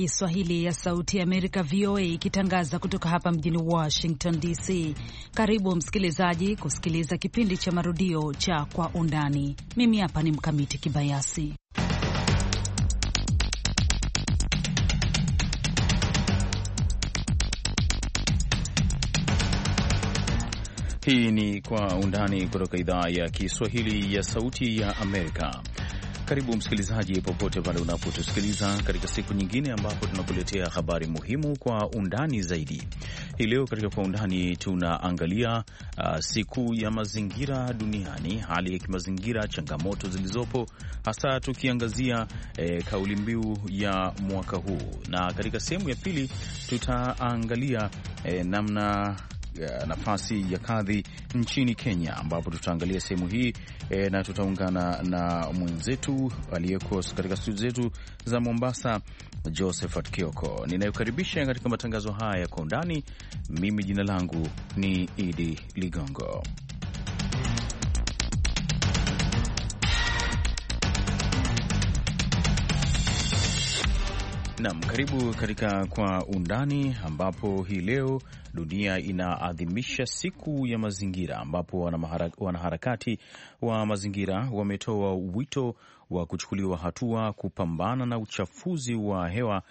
Kiswahili ya Sauti ya Amerika, VOA, ikitangaza kutoka hapa mjini Washington DC. Karibu msikilizaji kusikiliza kipindi cha marudio cha Kwa Undani. Mimi hapa ni Mkamiti Kibayasi. Hii ni Kwa Undani kutoka idhaa ya Kiswahili ya Sauti ya Amerika. Karibu msikilizaji, popote pale unapotusikiliza katika siku nyingine ambapo tunakuletea habari muhimu kwa undani zaidi. Hii leo katika kwa undani tunaangalia uh, siku ya mazingira duniani, hali ya kimazingira, changamoto zilizopo, hasa tukiangazia eh, kauli mbiu ya mwaka huu, na katika sehemu ya pili tutaangalia eh, namna nafasi ya kadhi nchini Kenya, ambapo tutaangalia sehemu hii e, na tutaungana na mwenzetu aliyeko katika studio zetu za Mombasa, Josephat Kioko, ninayokaribisha katika matangazo haya kwa undani. Mimi jina langu ni Idi Ligongo. Nam, karibu katika Kwa Undani, ambapo hii leo dunia inaadhimisha siku ya mazingira, ambapo wanaharakati wa mazingira wametoa wito wa kuchukuliwa hatua kupambana na uchafuzi wa hewa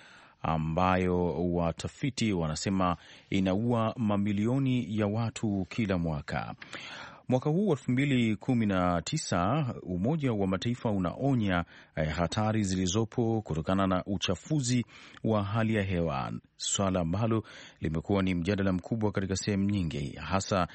ambayo watafiti wanasema inaua mamilioni ya watu kila mwaka. Mwaka huu wa elfu mbili kumi na tisa Umoja wa Mataifa unaonya eh, hatari zilizopo kutokana na uchafuzi wa hali ya hewa, swala ambalo limekuwa ni mjadala mkubwa katika sehemu nyingi, hasa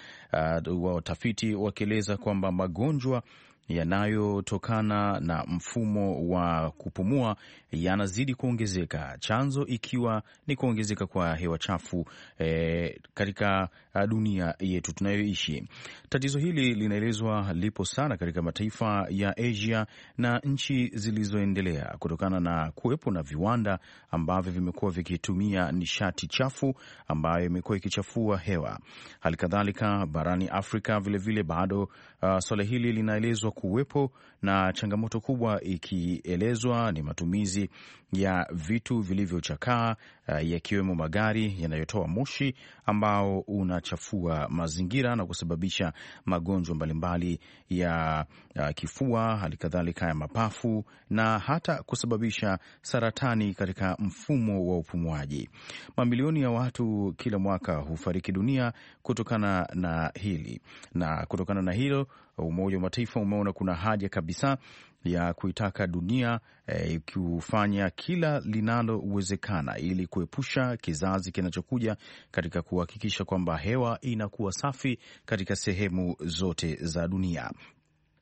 uh, watafiti wakieleza kwamba magonjwa yanayotokana na mfumo wa kupumua yanazidi kuongezeka, chanzo ikiwa ni kuongezeka kwa hewa chafu e, katika ah, dunia yetu tunayoishi. Tatizo hili linaelezwa lipo sana katika mataifa ya Asia na nchi zilizoendelea kutokana na kuwepo na viwanda ambavyo vimekuwa vikitumia nishati chafu ambayo imekuwa ikichafua hewa. Hali kadhalika barani Afrika vilevile vile bado uh, swala hili linaelezwa kuwepo na changamoto kubwa, ikielezwa ni matumizi ya vitu vilivyochakaa Eh, yakiwemo magari yanayotoa moshi ambao unachafua mazingira na kusababisha magonjwa mbalimbali ya eh, kifua, hali kadhalika ya mapafu na hata kusababisha saratani katika mfumo wa upumuaji. Mamilioni ya watu kila mwaka hufariki dunia kutokana na hili, na kutokana na hilo Umoja wa Mataifa umeona kuna haja kabisa ya kuitaka dunia eh, kufanya kila linalowezekana ili kuepusha kizazi kinachokuja katika kuhakikisha kwamba hewa inakuwa safi katika sehemu zote za dunia.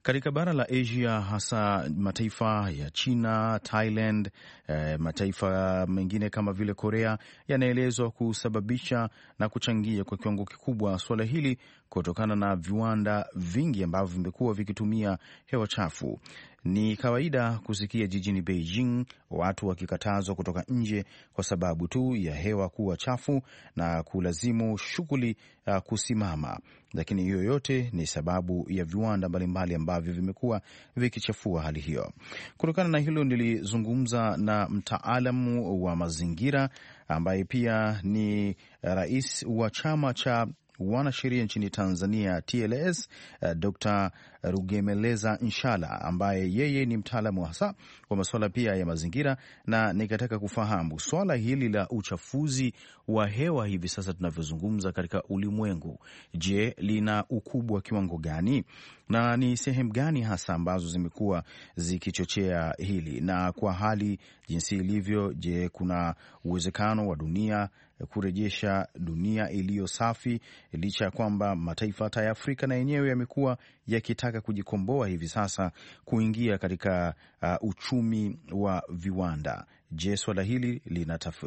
Katika bara la Asia hasa mataifa ya China, Thailand, eh, mataifa mengine kama vile Korea yanaelezwa kusababisha na kuchangia kwa kiwango kikubwa suala hili kutokana na viwanda vingi ambavyo vimekuwa vikitumia hewa chafu. Ni kawaida kusikia jijini Beijing watu wakikatazwa kutoka nje kwa sababu tu ya hewa kuwa chafu na kulazimu shughuli uh, kusimama, lakini hiyo yote ni sababu ya viwanda mbalimbali ambavyo vimekuwa vikichafua hali hiyo. Kutokana na hilo, nilizungumza na mtaalamu wa mazingira ambaye pia ni uh, rais wa chama cha wanasheria nchini Tanzania TLS, uh, eh, Dr. Rugemeleza Nshala ambaye yeye ni mtaalamu hasa kwa masuala pia ya mazingira, na nikataka kufahamu swala hili la uchafuzi wa hewa hivi sasa tunavyozungumza katika ulimwengu, je, lina ukubwa kiwango gani na ni sehemu gani hasa ambazo zimekuwa zikichochea hili, na kwa hali jinsi ilivyo, je, kuna uwezekano wa dunia kurejesha dunia iliyo safi, licha ya kwamba mataifa hata ya Afrika na yenyewe yamekuwa yakitaka kujikomboa hivi sasa kuingia katika uh, uchumi wa viwanda. Je, swala hili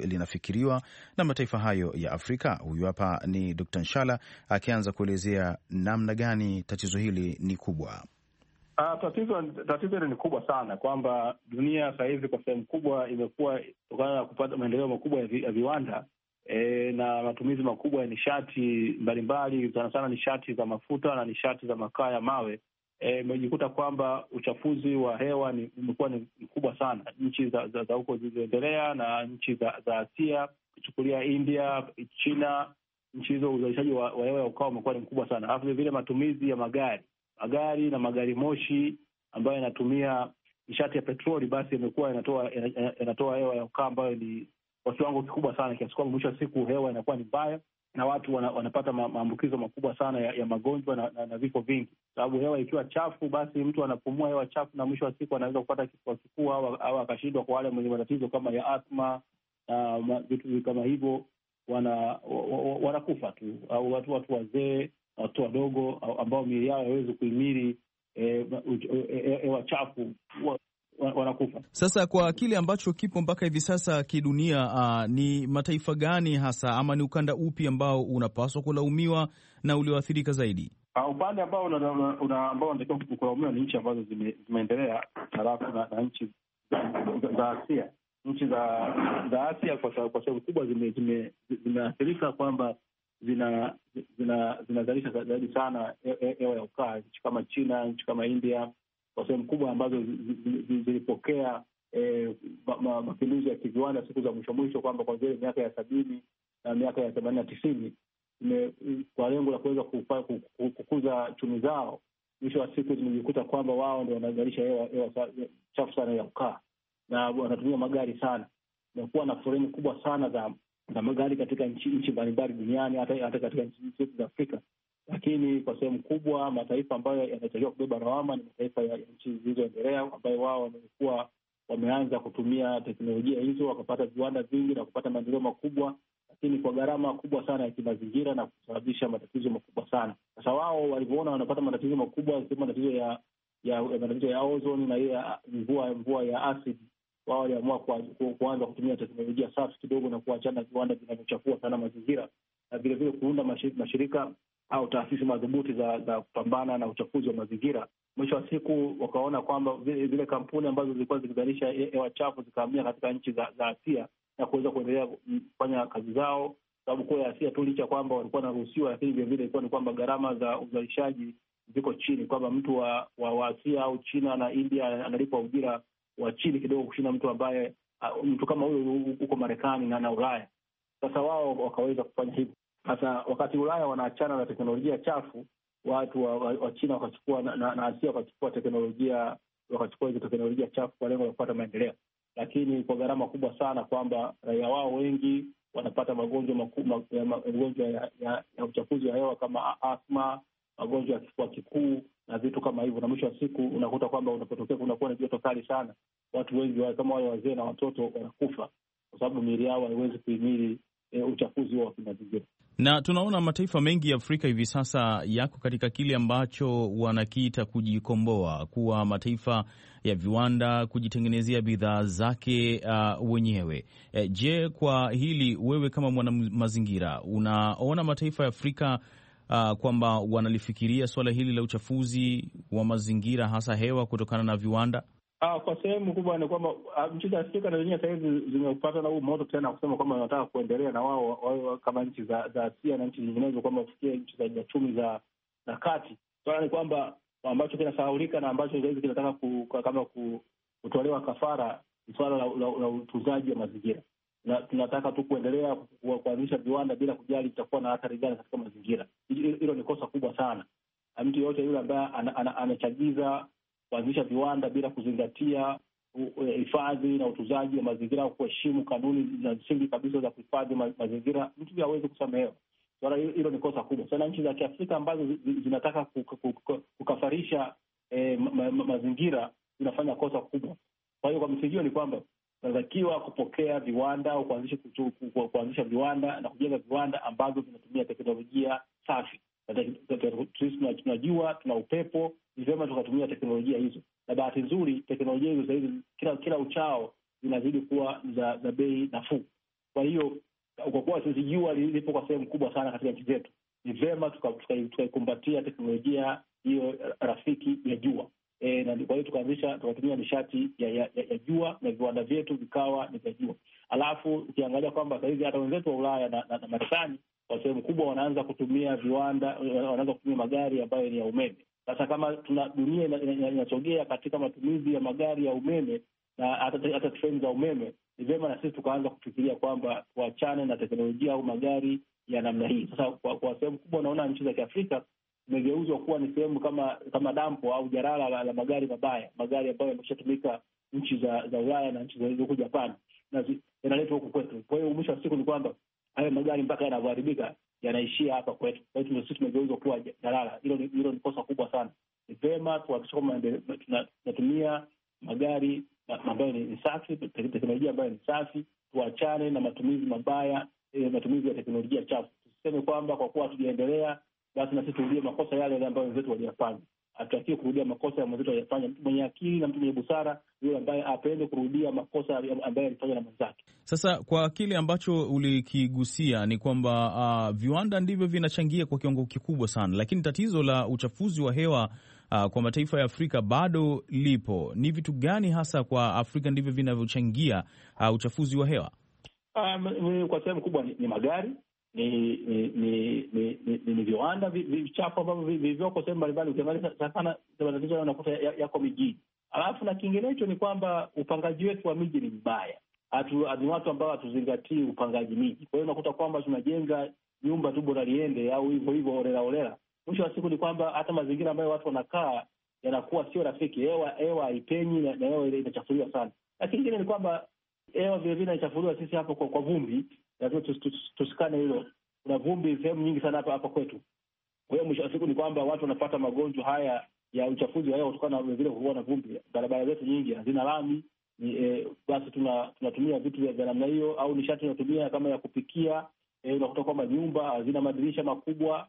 linafikiriwa na mataifa hayo ya Afrika? Huyu hapa ni Dr. Nshala akianza kuelezea namna gani tatizo hili ni kubwa. Uh, tatizo tatizo hili ni kubwa sana, kwamba dunia sahizi kwa sehemu kubwa imekuwa kutokana na kupata maendeleo makubwa ya viwanda e, na matumizi makubwa ya nishati mbalimbali, sana sana nishati za mafuta na nishati za makaa ya mawe imejikuta e, kwamba uchafuzi wa hewa umekuwa ni mkubwa sana. Nchi za za huko zilizoendelea na nchi za za Asia, kuchukulia India, China, nchi hizo uzalishaji wa, wa hewa ya ukaa umekuwa ni mkubwa sana. Alafu vilevile matumizi ya magari magari na magari moshi ambayo yanatumia nishati ya petroli, basi yamekuwa yanatoa yanatoa hewa ya ukaa ambayo ni kwa kiwango kikubwa sana, kiasi kwamba mwisho wa siku hewa inakuwa ni mbaya na watu wana, wanapata maambukizo makubwa sana ya, ya magonjwa na, na, na vifo vingi, sababu hewa ikiwa chafu, basi mtu anapumua hewa chafu na mwisho wa siku anaweza kupata kifua kikuu au akashindwa. Kwa wale mwenye matatizo kama ya athma na vitu kama hivyo, wanakufa wana, tu au watu watu wazee na watoto wadogo ambao miili yao haiwezi kuhimili eh, eh, eh, hewa e, e, e, chafu wanakufa. Sasa kwa kile ambacho kipo mpaka hivi sasa kidunia, uh, ni mataifa gani hasa ama ni ukanda upi ambao unapaswa kulaumiwa na ulioathirika zaidi? Uh, upande ambao unatakiwa kulaumiwa ni nchi ambazo zimeendelea, halafu na nchi za Asia. Nchi za za Asia kwa sababu kubwa zimeathirika kwamba zinazalisha zaidi sana hewa ya ukaa, nchi kama China, nchi kama India kwa sehemu kubwa ambazo zilipokea eh, mapinduzi ya kiviwanda siku za mwisho mwisho, kwamba kuanzia miaka ya sabini na miaka ya themanini na tisini kwa lengo la kuweza kukuza chumi zao, mwisho wa siku zimejikuta kwamba wao ndo wanazalisha hewa chafu sana ya ukaa na wanatumia magari sana. Imekuwa na foleni kubwa sana za za magari katika nchi mbalimbali duniani, hata katika nchi zetu za Afrika lakini kwa sehemu kubwa mataifa ambayo yanatakiwa kubeba lawama ni mataifa ya nchi zilizoendelea ambayo wao wamekuwa wameanza kutumia teknolojia hizo wakapata viwanda vingi na kupata maendeleo makubwa, lakini kwa gharama kubwa sana ya kimazingira na kusababisha matatizo makubwa sana. Sasa wao walivyoona wanapata matatizo makubwa, ikiwemo matatizo ya ya matatizo ya ozoni na ya mvua mvua ya asidi, wao waliamua kuanza kutumia teknolojia safi kidogo na kuachana viwanda vinavyochafua sana mazingira na vilevile kuunda mashirika au taasisi madhubuti za za kupambana na uchafuzi wa mazingira. Mwisho wa siku wakaona kwamba zile, kampuni ambazo zilikuwa zikizalisha hewa chafu zikahamia katika nchi za, za Asia na kuweza kuendelea kufanya kazi zao, sababu kuu ya Asia tu, licha kwamba walikuwa wanaruhusiwa, lakini vilevile ilikuwa ni kwamba gharama za uzalishaji ziko chini, kwamba mtu wa, wa, wa Asia au China na India analipwa ujira wa chini kidogo kushinda mtu ambaye mtu kama huyo huko Marekani na na Ulaya. Sasa wao wakaweza kufanya hivyo. Sasa wakati Ulaya wanaachana na teknolojia chafu, watu wa, wa, wa China wakachukua na, na, na Asia wakachukua teknolojia wakachukua hizo teknolojia chafu kwa lengo la kupata maendeleo, lakini kwa gharama kubwa sana, kwamba raia wao wengi wanapata magonjwa magonjwa ya, ya, ya uchafuzi wa hewa kama asma, magonjwa ya kifua kikuu na vitu kama hivyo, na mwisho wa siku unakuta kwamba unapotokea kunakuwa na joto kali sana, watu wengi wa, kama wale wazee na watoto wanakufa kwa sababu miili yao haiwezi kuhimili e, uchafuzi huo wa kimazingira na tunaona mataifa mengi ya Afrika hivi sasa yako katika kile ambacho wanakiita kujikomboa, kuwa mataifa ya viwanda, kujitengenezea bidhaa zake uh, wenyewe. E, je, kwa hili wewe kama mwanamazingira unaona mataifa ya Afrika uh, kwamba wanalifikiria suala hili la uchafuzi wa mazingira, hasa hewa kutokana na viwanda? Ah, kwa sehemu kubwa ni kwamba nchi ah, za Afrika na zenyewe sahizi zimepata na huu moto tena kusema kwamba wanataka kuendelea na wao wao kama nchi za, za Asia na nchi nyinginezo kwamba wafikie nchi za chumi za na kati. Swala ni kwamba ambacho kinasahaulika na ambacho sahizi kinataka ku, kama ku, kutolewa kafara ni swala la, la, la utunzaji wa mazingira, na tunataka tu kuendelea kuanzisha viwanda bila kujali itakuwa na athari gani katika mazingira. Hilo ni kosa kubwa sana. Mtu yoyote yule ambaye anachagiza kuanzisha viwanda bila kuzingatia hifadhi na utunzaji wa mazingira au kuheshimu kanuni za msingi kabisa za kuhifadhi mazingira, mtu hawezi kusamehewa. Swala hilo ni kosa kubwa sana. Nchi za Kiafrika ambazo zinataka kukafarisha mazingira zinafanya kosa kubwa. Kwa hiyo, kwa msingi ni kwamba tunatakiwa kupokea viwanda au kuanzisha viwanda na kujenga viwanda ambavyo vinatumia teknolojia safi. Sisi tunajua tuna upepo, ni vyema tukatumia teknolojia hizo, na bahati nzuri teknolojia hizo sahizi kila kila uchao zinazidi kuwa za za bei nafuu. Kwa hiyo kwa kuwa sisi jua lipo kwa sehemu kubwa sana katika nchi zetu, ni vyema tukaikumbatia teknolojia hiyo rafiki ya jua e, na kwa hiyo tukaanzisha tukatumia nishati ya, ya, ya, ya jua na viwanda vyetu vikawa ni vya jua, alafu ukiangalia kwamba sahizi hata wenzetu wa Ulaya na, na, na Marekani kwa sehemu kubwa wanaanza kutumia viwanda, eh, wanaanza kutumia magari ambayo ni ya umeme. Sasa kama tuna dunia inasogea katika matumizi ya magari ya umeme na hata treni za umeme, ni vyema na sisi tukaanza kufikiria kwamba tuachane na teknolojia au magari ya namna hii. Sasa kwa, kwa sehemu kubwa unaona nchi za Kiafrika zimegeuzwa kuwa ni sehemu kama kama dampo au jarala la, la magari mabaya, magari ambayo yameshatumika nchi za za Ulaya na nchi zilizokuja Japani na yanaletwa huku kwetu. Kwa hiyo mwisho wa siku ni kwamba hayo magari mpaka yanavyoharibika yanaishia hapa kwetu. Kwa hiyo sisi tumegeuzwa kuwa dalala. Hilo ni kosa kubwa sana. Ni vema tuhakikisha kwamba tunatumia magari ambayo ni safi, teknolojia ambayo ni safi. Tuachane na matumizi mabaya, e, matumizi ya teknolojia chafu. Tusiseme kwamba kwa kuwa hatujaendelea basi na sisi makosa yale yale ambayo wenzetu waliyafanya atakiwe kurudia makosa ya mwenzetu aliyofanya. Mtu mwenye akili na mtu mwenye busara yule ambaye apende kurudia makosa ambayo alifanya na mwenzake. Sasa kwa kile ambacho ulikigusia ni kwamba uh, viwanda ndivyo vinachangia kwa kiwango kikubwa sana, lakini tatizo la uchafuzi wa hewa uh, kwa mataifa ya Afrika bado lipo. Ni vitu gani hasa kwa Afrika ndivyo vinavyochangia uh, uchafuzi wa hewa? Um, kwa sehemu kubwa ni, ni magari ni ni ni ni ni viwanda vichafu ambavyo vilivyoko sehemu mbalimbali. Ukiangalia sana matatizo unakuta yako mijini. Alafu na kingine hicho ni kwamba upangaji wetu wa miji ni mbaya, ni watu ambao hatuzingatii upangaji miji. Kwa hiyo unakuta kwamba tunajenga nyumba tu bora liende au hivyo hivyo holela holela. Mwisho wa siku ni kwamba hata mazingira ambayo watu wanakaa yanakuwa sio rafiki, hewa hewa haipenyi na hewa inachafuliwa sana. Na kingine ni kwamba hewa vilevile inachafuliwa sisi hapo kwa, kwa vumbi lazima tusikane hilo. Kuna vumbi sehemu nyingi sana hapa hapa kwetu. Kwa hiyo mwisho wa siku ni kwamba watu wanapata magonjwa haya ya uchafuzi wa hewa kutokana na vile kuwa na vumbi. Barabara zetu nyingi hazina lami ni, eh, basi tunatumia vitu vya namna hiyo, au nishati tunatumia kama ya kupikia e, unakuta kwamba nyumba hazina madirisha makubwa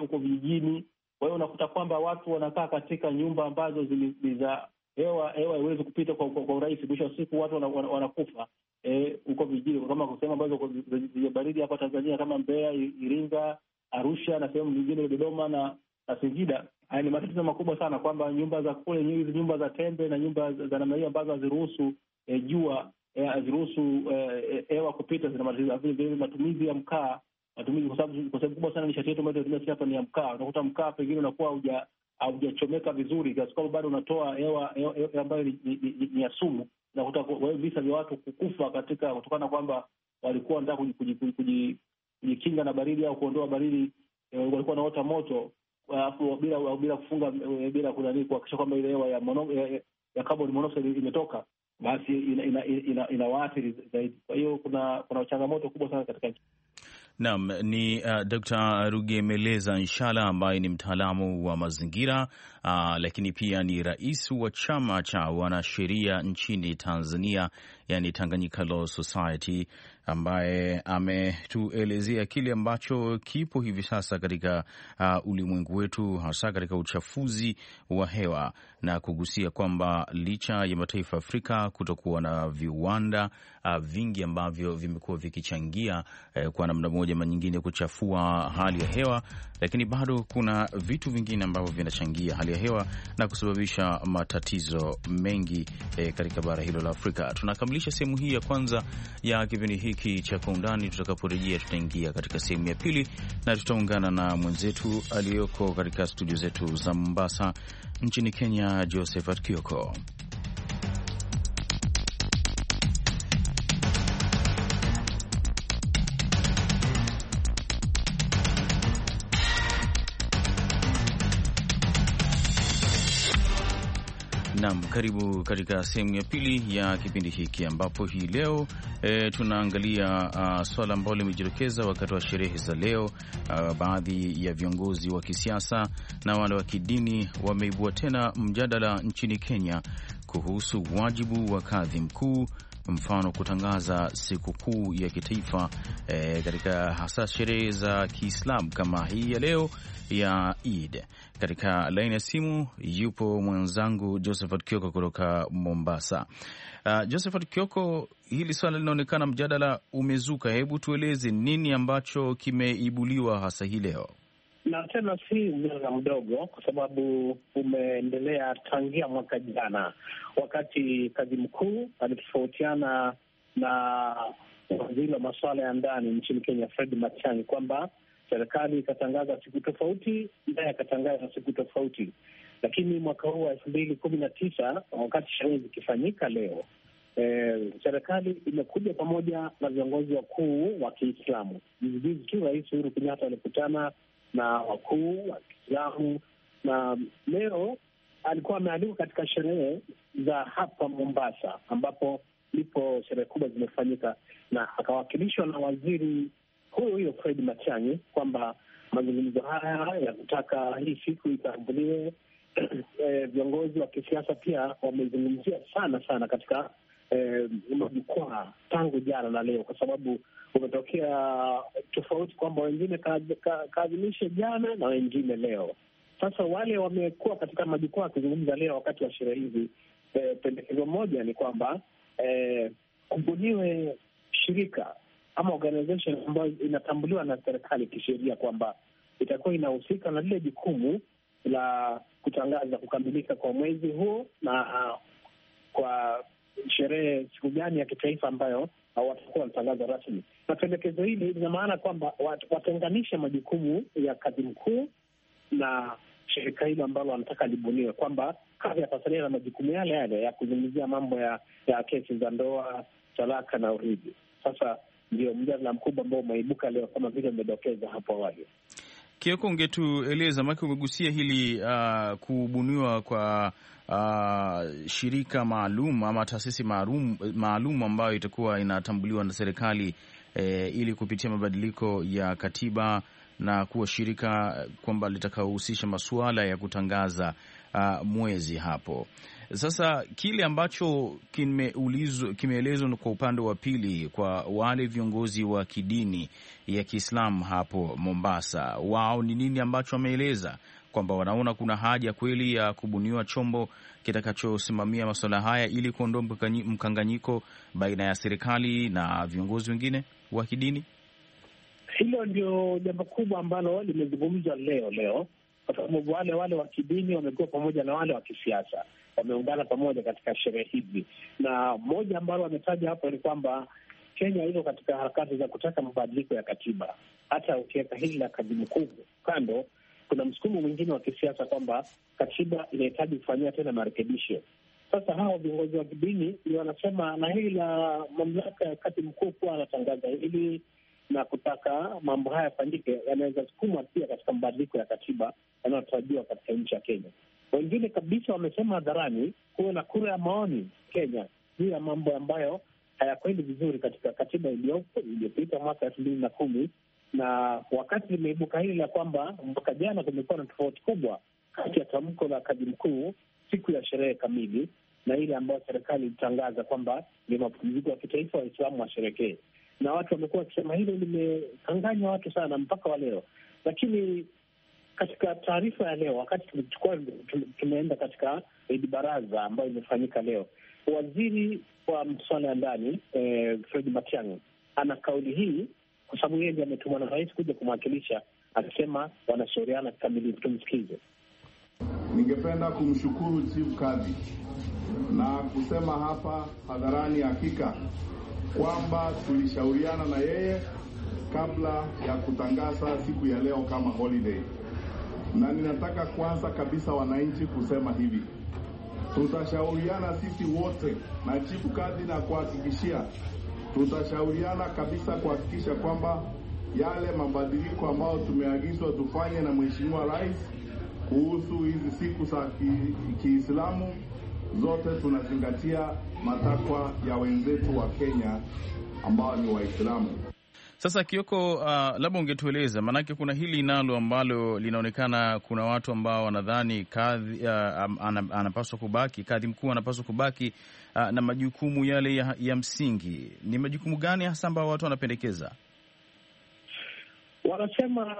huko e, vijijini. Kwa hiyo unakuta kwamba watu wanakaa katika nyumba ambazo ziliza hewa hewa haiwezi kupita kwa, kwa, kwa urahisi. Mwisho wa siku watu wanakufa wana, wana Eh, huko e, vijijini kama kusema ambazo zenye baridi hapa Tanzania kama Mbeya, Iringa, Arusha na sehemu nyingine Dodoma na na Singida. Haya ni matatizo makubwa sana, kwamba nyumba za kule hizi nyumba za tembe na nyumba za namna hiyo ambazo haziruhusu e, jua eh, haziruhusu e, hewa kupita, zina matatizo vile vile. Matumizi ya mkaa, matumizi kwa sababu kwa sababu kubwa sana nishati yetu ambayo tunatumia hapa ni ya mkaa. Unakuta mkaa pengine unakuwa hauja haujachomeka vizuri, kiasi kwamba bado unatoa hewa ambayo ni ya sumu unakuta visa vya watu kukufa katika kutokana kwamba walikuwa wanataka kujikinga na baridi au kuondoa baridi, e, walikuwa wanaota moto e, alafu bila bila kufunga e, bila kunani kuhakikisha kwamba ile hewa ya ya carbon monoxide imetoka, basi inawaathiri zaidi. Kwa hiyo kuna kuna changamoto kubwa sana katika nchi. Naam, ni uh, Dr. Rugemeleza Nshala ambaye ni mtaalamu wa mazingira uh, lakini pia ni rais wa chama cha wanasheria nchini Tanzania, yani Tanganyika Law Society ambaye ametuelezea kile ambacho kipo hivi sasa katika uh, ulimwengu wetu hasa katika uchafuzi wa hewa na kugusia kwamba licha ya mataifa ya Afrika kutokuwa na viwanda uh, vingi ambavyo vimekuwa vikichangia uh, kwa namna moja ama nyingine kuchafua hali ya hewa, lakini bado kuna vitu vingine ambavyo vinachangia hali ya hewa na kusababisha matatizo mengi uh, katika bara hilo la Afrika. Tunakamilisha sehemu hii ya kwanza ya kipindi hiki hiki cha Kwa Undani. Tutakaporejea tutaingia katika sehemu ya pili na tutaungana na mwenzetu aliyoko katika studio zetu za Mombasa nchini Kenya, Josephat Kioko. Nam, karibu katika sehemu ya pili ya kipindi hiki ambapo hii leo e, tunaangalia uh, swala ambalo limejitokeza wakati wa sherehe za leo. Uh, baadhi ya viongozi wa kisiasa na wale wa kidini wameibua tena mjadala nchini Kenya kuhusu wajibu wa kadhi mkuu mfano kutangaza sikukuu ya kitaifa e, katika hasa sherehe za Kiislamu kama hii ya leo ya Eid. Katika laini ya simu yupo mwenzangu Josephat Kioko kutoka Mombasa. Uh, Josephat Kioko, hili swala linaonekana mjadala umezuka, hebu tueleze nini ambacho kimeibuliwa hasa hii leo? nasema si ujanja mdogo, kwa sababu umeendelea tangia mwaka jana, wakati kazi mkuu alitofautiana na waziri wa masuala ya ndani nchini Kenya Fred Matiang'i kwamba serikali ikatangaza siku tofauti, naye akatangaza siku tofauti. Lakini mwaka huu wa elfu mbili kumi na tisa wakati sherehe zikifanyika leo, e, serikali imekuja pamoja na viongozi wakuu wa Kiislamu. Juzijuzi tu Rais Uhuru Kenyatta alikutana na wakuu wa Kiislamu, na leo alikuwa amealikwa katika sherehe za hapa Mombasa ambapo ndipo sherehe kubwa zimefanyika, na akawakilishwa na waziri huyo huyo Fred Matiang'i kwamba mazungumzo haya ya kutaka hii siku itambuliwe. E, viongozi wa kisiasa pia wamezungumzia sana sana katika eh, majukwaa tangu jana na leo, kwa sababu umetokea tofauti kwamba wengine kaadhimishe jana na wengine leo. Sasa wale wamekuwa katika majukwaa wakizungumza leo wakati wa sherehe hizi, eh, pendekezo moja ni kwamba eh, kubuniwe shirika ama organization ambayo inatambuliwa na serikali kisheria kwamba itakuwa inahusika na lile jukumu la kutangaza kukamilika kwa mwezi huo na uh, kwa sherehe siku gani ya kitaifa ambayo watakuwa wanatangaza rasmi. Na pendekezo hili lina maana kwamba watenganishe majukumu ya kazi mkuu na shirika hilo ambalo wanataka libuniwe, kwamba kazi yatasalia na majukumu yale yale ya kuzungumzia mambo ya ya kesi za ndoa, talaka na urithi. Sasa ndio mjadala mkubwa ambao umeibuka leo kama vile umedokeza hapo awali. Kioko, ungetueleza make umegusia hili uh, kubuniwa kwa Uh, shirika maalum ama taasisi maalum ambayo itakuwa inatambuliwa na serikali eh, ili kupitia mabadiliko ya katiba na kuwa shirika kwamba litakaohusisha masuala ya kutangaza uh, mwezi hapo. Sasa kile ambacho kimeelezwa kimeelezwa kwa upande wa pili, kwa wale viongozi wa kidini ya Kiislamu hapo Mombasa, wao ni nini ambacho wameeleza kwamba wanaona kuna haja kweli ya kubuniwa chombo kitakachosimamia masuala haya ili kuondoa mkanganyiko baina ya serikali na viongozi wengine wa kidini. Hilo ndio jambo kubwa ambalo limezungumzwa leo leo, kwa sababu wale wale wa kidini wamekuwa pamoja na wale wa kisiasa wameungana pamoja katika sherehe hizi, na moja ambalo wametaja hapo ni kwamba Kenya iko katika harakati za kutaka mabadiliko ya katiba. Hata ukiweka hili la kazi mkuu kando, kuna msukumo mwingine wa kisiasa kwamba katiba inahitaji kufanyia tena marekebisho. Sasa hawa viongozi wa kidini ndio wanasema, na hili la mamlaka ya kati mkuu kuwa anatangaza hili na kutaka mambo haya yafanyike, yanaweza sukuma pia katika mabadiliko ya katiba yanayotarajiwa katika nchi ya Kenya. Wengine kabisa wamesema hadharani kuwe na kura ya maoni Kenya juu ya mambo ambayo hayakwendi vizuri katika katiba iliyopo iliyopita mwaka elfu mbili na kumi na wakati limeibuka hili la kwamba mwaka jana kumekuwa na tofauti kubwa kati ya tamko la kaji mkuu siku ya sherehe kamili na ile ambayo serikali ilitangaza kwamba ni mapumziko ya kitaifa, Waislamu washerekee, na watu wamekuwa wakisema hilo limekanganywa watu sana mpaka wa leo. Lakini katika taarifa ya leo, wakati tumechukua tumeenda katika Idi Baraza ambayo imefanyika leo, waziri wa masuala ya ndani eh, Fred Matiang'i ana kauli hii kwa sababu yeye ndiye ametumwa na rais kuja kumwakilisha, akisema wanashauriana kikamilifu. Tumsikize. Ningependa kumshukuru Chief Kadhi na kusema hapa hadharani hakika kwamba tulishauriana na yeye kabla ya kutangaza siku ya leo kama holiday na ninataka kwanza kabisa wananchi kusema hivi, tutashauriana sisi wote na chifu kazi na kuhakikishia, tutashauriana kabisa kuhakikisha kwamba yale mabadiliko ambayo tumeagizwa tufanye na Mheshimiwa Rais kuhusu hizi siku za Kiislamu ki zote tunazingatia matakwa ya wenzetu wa Kenya ambao ni Waislamu. Sasa Kioko, uh, labda ungetueleza, maanake kuna hili nalo ambalo linaonekana kuna watu ambao wanadhani kadhi uh, anapaswa kubaki, kadhi mkuu anapaswa kubaki uh, na majukumu yale ya, ya msingi. Ni majukumu gani hasa ambao watu wanapendekeza? Wanasema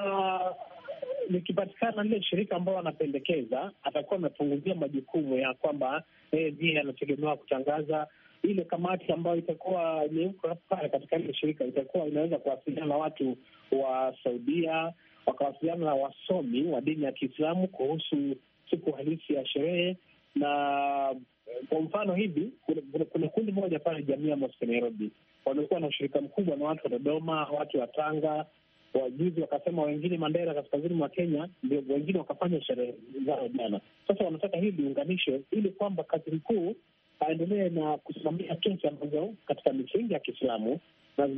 likipatikana lile shirika ambao wanapendekeza, atakuwa amepunguzia majukumu ya kwamba eh, yeye ndiye anategemewa kutangaza ile kamati ambayo itakuwa imewekwa pale katika ile shirika itakuwa inaweza kuwasiliana na watu wa Saudia, wakawasiliana na wasomi wa dini ya Kiislamu kuhusu siku halisi ya sherehe. Na eh, kwa mfano hivi, kuna kundi moja pale jamii ya Mosque Nairobi, wamekuwa na ushirika mkubwa na watu wa Dodoma, watu wa Tanga. Wajuzi wakasema wengine Mandera, kaskazini mwa Kenya, ndio wengine wakafanya sherehe zao jana. Sasa wanataka hii liunganishe ili kwamba kazi mkuu aendelee na kusimamia kesi ambazo katika misingi ya Kiislamu na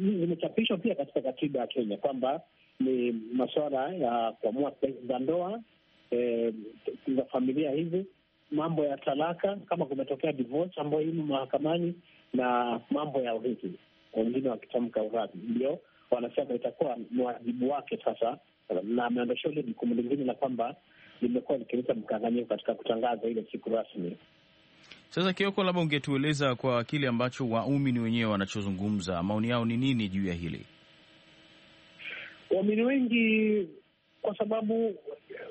zimechapishwa pia katika katiba ya Kenya kwamba ni masuala ya kuamua za ndoa e, za familia hizi, mambo ya talaka kama kumetokea divorce ambayo imo mahakamani na mambo ya urithi, wengine wakitamka uradhi, ndio wanasema itakuwa ni wajibu wake sasa, na ameondosha ule jukumu lingine la kwamba limekuwa likileta mkanganyiko katika kutangaza ile siku rasmi. Sasa Kioko, labda ungetueleza kwa kile ambacho waumini wenyewe wanachozungumza, maoni yao ni nini juu ya hili? Waumini wengi, kwa sababu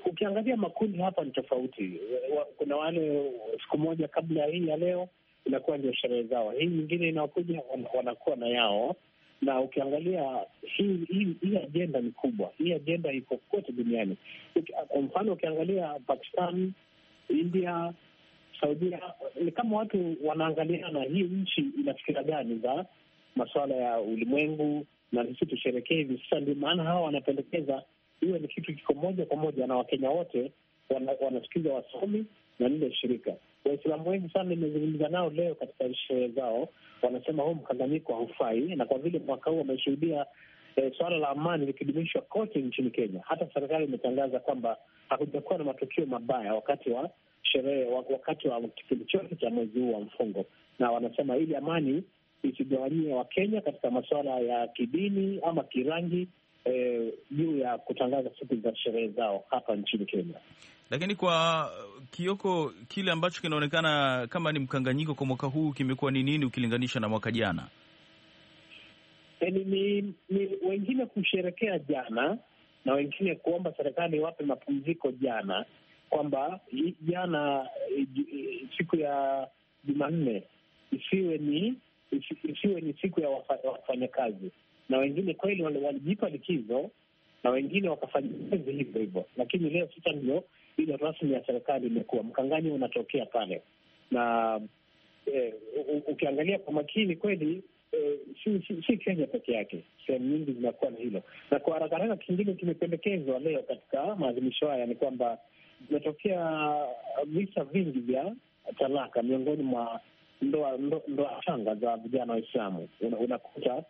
ukiangalia makundi hapa ni tofauti. Kuna wale siku moja kabla ya hii ya leo inakuwa ndio sherehe zao, hii nyingine inaokuja wanakuwa na yao. Na ukiangalia hii hii, hii ajenda ni kubwa, hii ajenda iko kote duniani. Kwa mfano ukiangalia Pakistan, India Saudia ni kama watu wanaangaliana, hii nchi ina fikira gani za masuala ya ulimwengu na sisi tusherekee hivi sasa. Ndio maana hawa wanapendekeza iwe ni kitu kiko moja kwa moja, na Wakenya wote wanasikiza wasomi na lile shirika. Waislamu wengi sana nimezungumza nao leo katika sherehe zao, wanasema huu mkanganyiko haufai, na kwa vile mwaka huu wameshuhudia eh, suala la amani likidumishwa kote nchini Kenya. Hata serikali imetangaza kwamba hakujakuwa na matukio mabaya wakati wa sherehe wakati wa kipindi chote cha mwezi huu wa mfungo, na wanasema ili amani isigawanyie Wakenya katika masuala ya kidini ama kirangi eh, juu e, ya kutangaza siku za sherehe zao hapa nchini Kenya. Lakini kwa uh, Kioko, kile ambacho kinaonekana kama ni mkanganyiko kwa mwaka huu kimekuwa ni nini ukilinganisha na mwaka jana? E, ni, ni, ni wengine kusherekea jana na wengine kuomba serikali wape mapumziko jana kwamba jana siku ya Jumanne isiwe ni isiwe ni siku ya wafanyakazi, na wengine kweli walijipa likizo na wengine wakafanya kazi hivyo hivyo, lakini leo sasa ndio ile rasmi ya serikali imekuwa mkanganyo unatokea pale, na eh, ukiangalia kwa makini kweli eh, si, si, si Kenya peke yake, sehemu nyingi zinakuwa na hilo. Na kwa haraka haraka, kingine kimependekezwa leo katika maadhimisho haya ni kwamba imetokea visa vingi vya talaka miongoni mwa ndoa ndoa changa za vijana Waislamu. Unakuta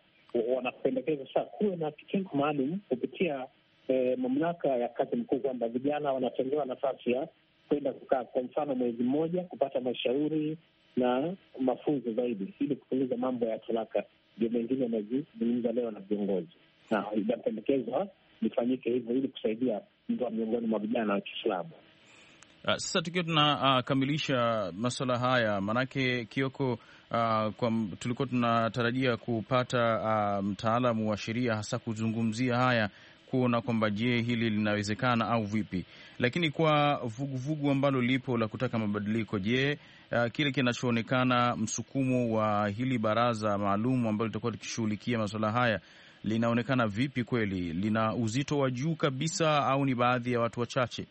wanapendekeza sasa kuwe na kitengo maalum kupitia eh, mamlaka ya kazi mkuu kwamba vijana wanatengewa nafasi ya kwenda kukaa kwa mfano mwezi mmoja kupata mashauri na mafunzo zaidi ili kupunguza mambo ya talaka. Ndio mengine amezungumza leo na viongozi, na inapendekezwa lifanyike hivyo ili kusaidia kupunguza miongoni mwa vijana wa Kiislamu. Uh, sasa tukiwa tunakamilisha uh, masuala haya maanake Kioko, uh, kwa tulikuwa tunatarajia kupata uh, mtaalamu wa sheria hasa kuzungumzia haya kuona kwamba je, hili linawezekana au vipi? Lakini kwa vuguvugu vugu ambalo lipo la kutaka mabadiliko, je, uh, kile kinachoonekana msukumo wa hili baraza maalum ambalo litakuwa likishughulikia masuala haya linaonekana vipi? Kweli lina uzito wa juu kabisa au ni baadhi ya watu wachache?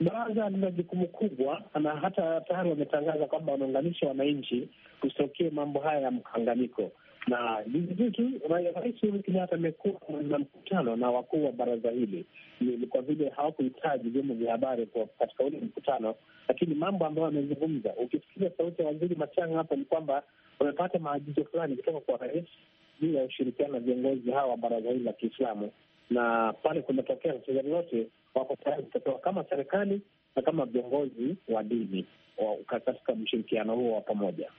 Baraza lina jukumu kubwa, na hata tayari wametangaza kwamba wanaunganisha wananchi kusitokee mambo haya ya mkanganyiko. Na juzi Rais Uhuru Kenyatta amekuwa na mkutano na wakuu wa baraza hili, ni kwa vile hawakuhitaji vyombo vya habari katika ule mkutano, lakini mambo ambayo amezungumza ukisikiza sauti ya waziri Matiang'i hapo, ni kwamba wamepata maagizo fulani kutoka kwa rais juu ya ushirikiano na viongozi hawa wa baraza hili la Kiislamu, na pale kumetokea tatizo lolote, wako tayari kutotoa kama serikali na kama viongozi wa dini katika mshirikiano huo wa pamoja.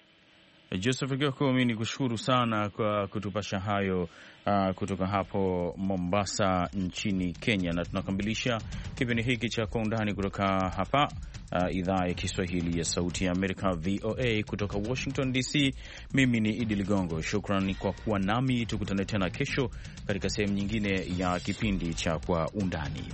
Eh, Joseph Kioko, mi ni kushukuru sana kwa kutupasha hayo uh, kutoka hapo Mombasa nchini Kenya, na tunakamilisha kipindi hiki cha Kwa Undani kutoka hapa uh, idhaa ya Kiswahili ya Sauti ya Amerika, VOA kutoka Washington DC. Mimi ni Idi Ligongo, shukran kwa kuwa nami. Tukutane tena kesho katika sehemu nyingine ya kipindi cha Kwa Undani.